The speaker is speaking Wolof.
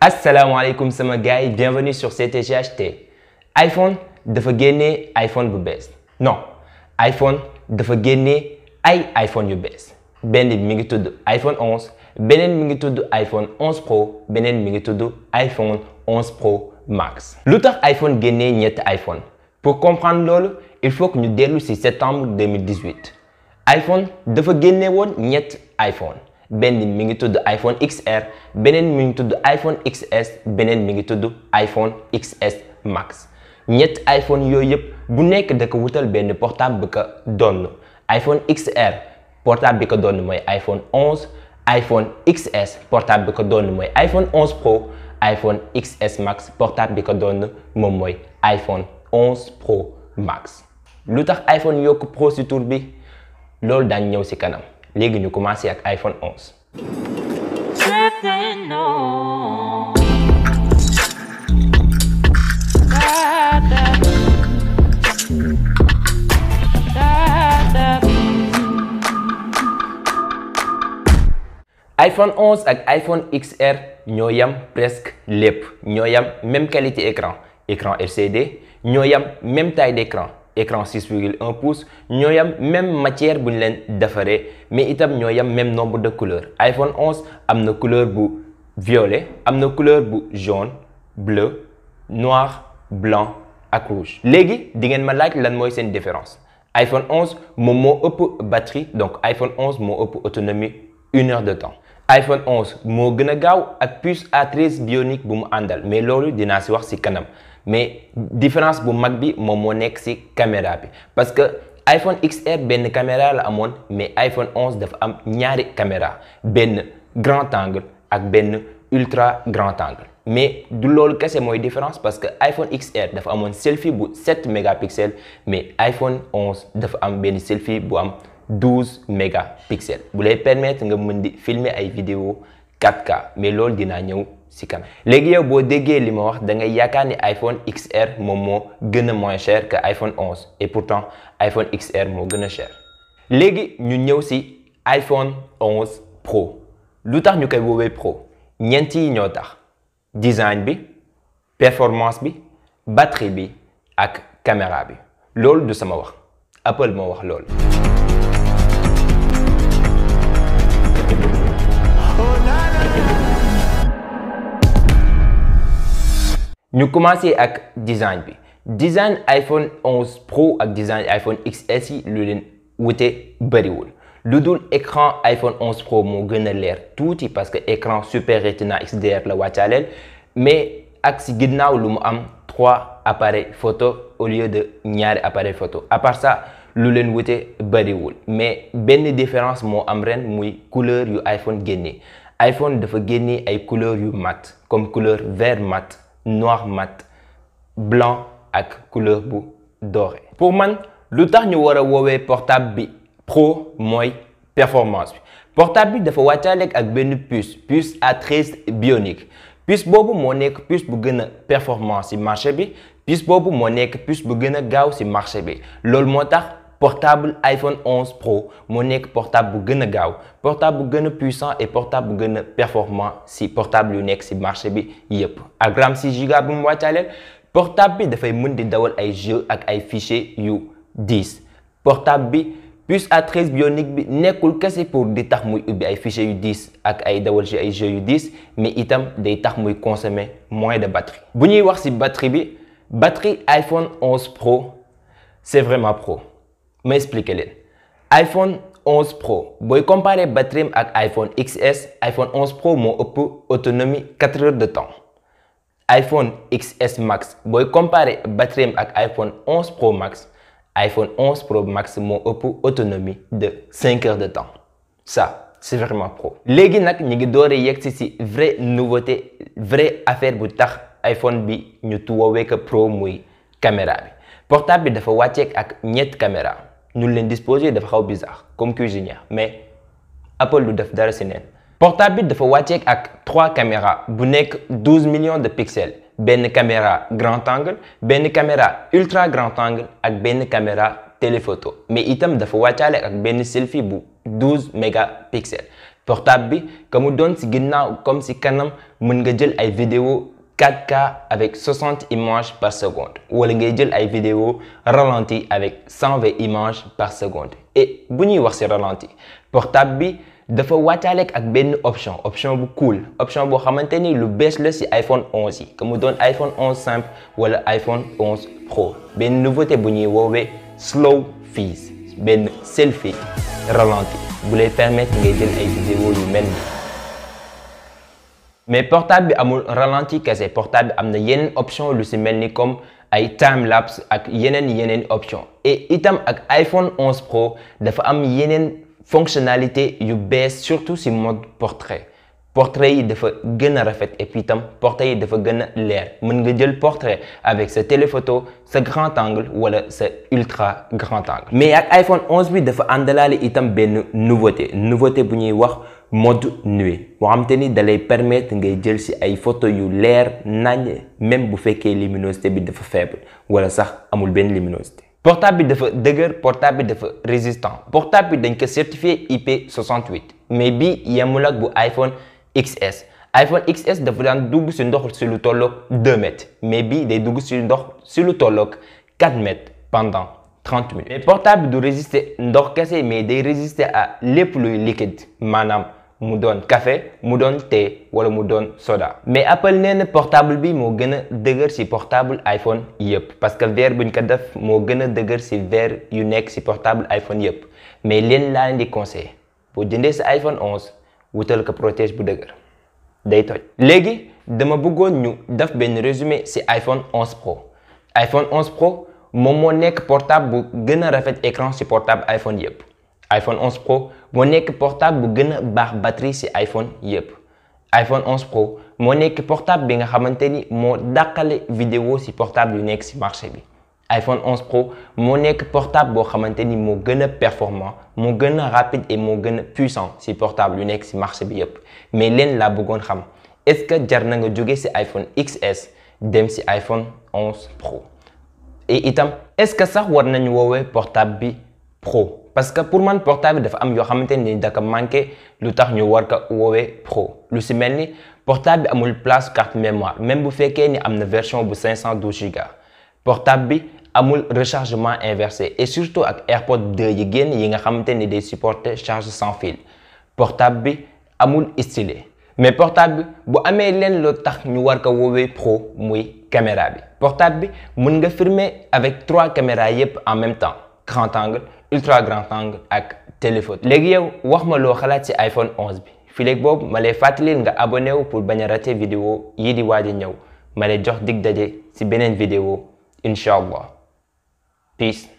asalaamaaleykum sama gars yi bienvenue sur CTGHT iPhone dafa génne iPhone bu bees non iPhone dafa génnee ay iPhone yu bees benn bi mi ngi tudd iPhone 11 beneen mi ngi tudd iPhone 11 Pro beneen mi ngi tudd iPhone 11 Pro Max lu tax iPhone génnee ñetti iPhone pour comprendre loolu il faut que ñu dellu ci septembre 2018 iPhone dafa génne woon ñett iPhone benn mi ngi tudd iPhone XR beneen mu ngi tudd iPhone XS beneen mi ngi tudd iPhone XS Max ñett iPhone yooyu yëpp bu nekk da ko wutal benn portable bi ko doon iPhone XR portable bi ko donn mooy iPhone 11 iPhone XS portable bi ko doon mooy iPhone 11 Pro iPhone XS Max portable bi ko donn moom mooy iPhone 11 Pro Max lu tax iPhone yokk Pro ci bi. loolu daañ ñëw si kanam léegi ñu commencé ak iPhone 11. iPhone 11 ak iPhone XR ñoo yam presque lépp ñoo yam même qualité écran écran LCD ñoo yam même taille d'écran écran 6 virgule 1 pouce ñoo yam même matière bu ñu leen defaree mais itam ñoo yam même nombre de couleurs iPhone 11 am na couleur bu violet am na couleur bu jaune bleu noir blanc ak rouge léegi di ngeen ma laaj lan mooy seen différence iPhone 11 moom moo ëpp batterie donc iPhone 11 moo ëpp autonomie une heure de temps iPhone 11 moo gën a gaaw ak puce A13 bionique bu mu àndal mais loolu dinaa si wax si kanam mais différence bu mag bi moom moo nekk ci caméra bi parce que iPhone XR benn caméra la amoon mais iPhone 11 dafa am ñaari caméra benn grand angle ak benn ultra grand angle mais du loolu kese mooy différence parce que iPhone XR dafa amoon selfie bu 7 mégapixels mais iPhone 11 dafa am benn selfie bu am 12 mégapixels bu lay permettre nga mën di filmer ay vidéo 4K mais loolu dinaa ñëw si kanam léegi yow boo déggee li ma wax dangay yaakaar ni iPhone XR moom moo gën a moins cher que iPhone 11 et pourtant iPhone XR moo gën a cher léegi ñu ñëw si iPhone 11 Pro lu tax ñu koy woowee Pro ñeenti ñoo tax design bi performance bi batterie bi ak caméra bi loolu du sama wax Apple moo wax loolu ñu commencé ak design bi design iPhone 11 Pro ak design iPhone XS yi lu leen wute bëriwul lu dul écran iPhone 11 Pro moo gën a leer tuuti parce que écran Super Retina XDR la wàccaaleel mais ak si ginnaaw lu mu am trois appareils photo au lieu de ñaari appareil photo à part ça lu leen wute bëriwul mais benn différence moo am ren muy couleur yu iPhone génne iPhone dafa génne ay couleur yu mat comme couleur vert mat noir matt blanc ak couleur bu doré pour man lu tax ñu war a woowee portable bi pro mooy performance bi portable bi dafa wàccaaleeg ak benn puce puce à treize bionique puce boobu moo nekk puce bu gën a performance ci marché bi puce boobu moo nekk puce bu gën a gaaw ci marché bi loolu moo tax portable iPhone 11 Pro moo nekk portable bu gën gaaw portable bu gën a puissant et portable bu gën a performant si portable yu nekk si marché bi yëpp ak RAM 6 giga bu mu wàccaaleel portable bi dafay mën di dawal ay jeu ak ay fichier yu 10 portable bi puce à bi nekkul kese pour di tax muy ubbi ay fichier yu ak ay dawal ci ay jeux yu 10 mais itam day tax muy consommer moins de batterie bu ñuy wax ci batterie bi batterie iPhone 11 Pro c'est vraiment pro ma expliqué leen iPhone 11 Pro booy comparé batterie ak iPhone XS iPhone 11 Pro moo ëpp autonomie 4 heures de temps iPhone XS Max booy comparé batterie ak iPhone 11 Pro Max iPhone 11 Pro Max moo ëpp autonomie de 5 heures de temps sax c'est vraiment pro léegi nag ñu ngi door a yegg si si vraie nouveauté vraie affaire bu tax iPhone bi ñu tuwoowee que pro muy caméra bi portable bi dafa wàcceek ak ñett caméra nu leen disposé dafa xaw bizarre comme cuisinière mais Apple du def dara si neen portable bi dafa wàcceeg ak trois caméras bu nekk 12 millions de pixels benn caméra grand angle benn caméra ultra grand angle ak benn caméra téléphoto mais itam dafa wàccaale ak benn selfie bu 12 mégapixels portable bi ka mu doon si ginnaaw comme si kanam mën nga jël ay vidéo 4K avec 60 images par seconde wala ngay jël ay vidéo ralenti avec 120 images par seconde bu ñuy wax ci ralenti portable bi dafa wàccaaleeg ak benn option option bu kuul option boo xamante ni lu bees la si iPhone 11 yi que mu doon iPhone 11 simple wala iPhone 11 Pro benn nouveauté bu ñuy woowee slow fees benn selfie ralenti bu lay permettre ngay jël ay vidéo yu mel mais portable bi amul ralenti kese portable am na yeneen option lu si mel ni comme ay time lapse ak yeneen yeneen option et itam ak iPhone 11 Pro dafa am yeneen fonctionnalité yu bees surtout si mode portrait portrait yi dafa gën a rafet et puis tam portrait yi dafa gën leer mën nga jël portrait avec sa téléphoto sa grand angle wala sa ultra grand angle mais ak iPhone 11 bi dafa àndalaale itam benn nouveauté nouveauté bu ñuy wax mode nuit moo xam ni dalay permettre ngay jël ci ay photo yu leer nañ même bu fekkee luminosité bi dafa faible wala sax amul benn luminosité portable bi dafa dëgër portable bi dafa résistant portable bi dañ ko certifié IP68 bi yemul XS iPhone XS dafa daan dugg si ndox si lu tolloog 2 mètres mais bii day dugg si ndox si lu tolloog 4 mètres pendant 30 minutes mais portable du résister ndox kese mais day résister à lépp luy liquide maanaam mu doon kafe mu doon thé wala mu doon soda mais Apple nee na portable bi moo gën a dëgër ci portable iPhone yëpp parce que verre buñ ko def moo gën a dëgër ci verre yu nekk ci portable iPhone yëpp mais leen laa leen di conseil boo jëndee sa iPhone 11 wutal ko protège bu dëgër day toj léegi dama bëggoon ñu def benn résumé ci iPhone 11 Pro iPhone 11 Pro moom moo nekk portable bu gën a rafet écran ci portable iPhone yëpp iPhone 11 Pro moo nekk portable bu gën a baax batterie ci iPhone yëpp iPhone 11 moo nekk portable bi nga xamante ni moo dàqale vidéo ci portable yu nekk ci marché bi iPhone 11 Pro moo nekk portable boo xamante ni moo gën a performant moo gën a rapide et moo gën a puissant si portable yu nekk si marché bi yépp mais leen laa bëggoon xam est-ce que jar na nga jóge si iPhone XS dem si iPhone 11 Pro et itam est-ce que sax war nañu woowee portable bi Pro parce que pour man portable dafa am yoo xamante ni daka manqué lu tax ñu war ko woowee Pro lu si mel ni portable bi amul place carte mémoire même bu fekkee ni am na version bu 512 giga portable amul rechargement inversé et surtout ak AirPods 2 yi génn yi nga xamante ni day supporter charge sans fil portable bi amul stylet mais portable bu amee leen loo tax ñu war ko woowee pro muy caméra bi portable bi mun nga filmer avec trois caméras yépp en même temps grand angle ultra grand angle ak téléphone léegi yow wax ma loo xalaat si iPhone 11 bi fileeg boobu ma lay nga abonné wu pour bañ a rater vidéo yii di waaj a ñëw ma lay jox dig daje ci beneen vidéo incha allah Peace.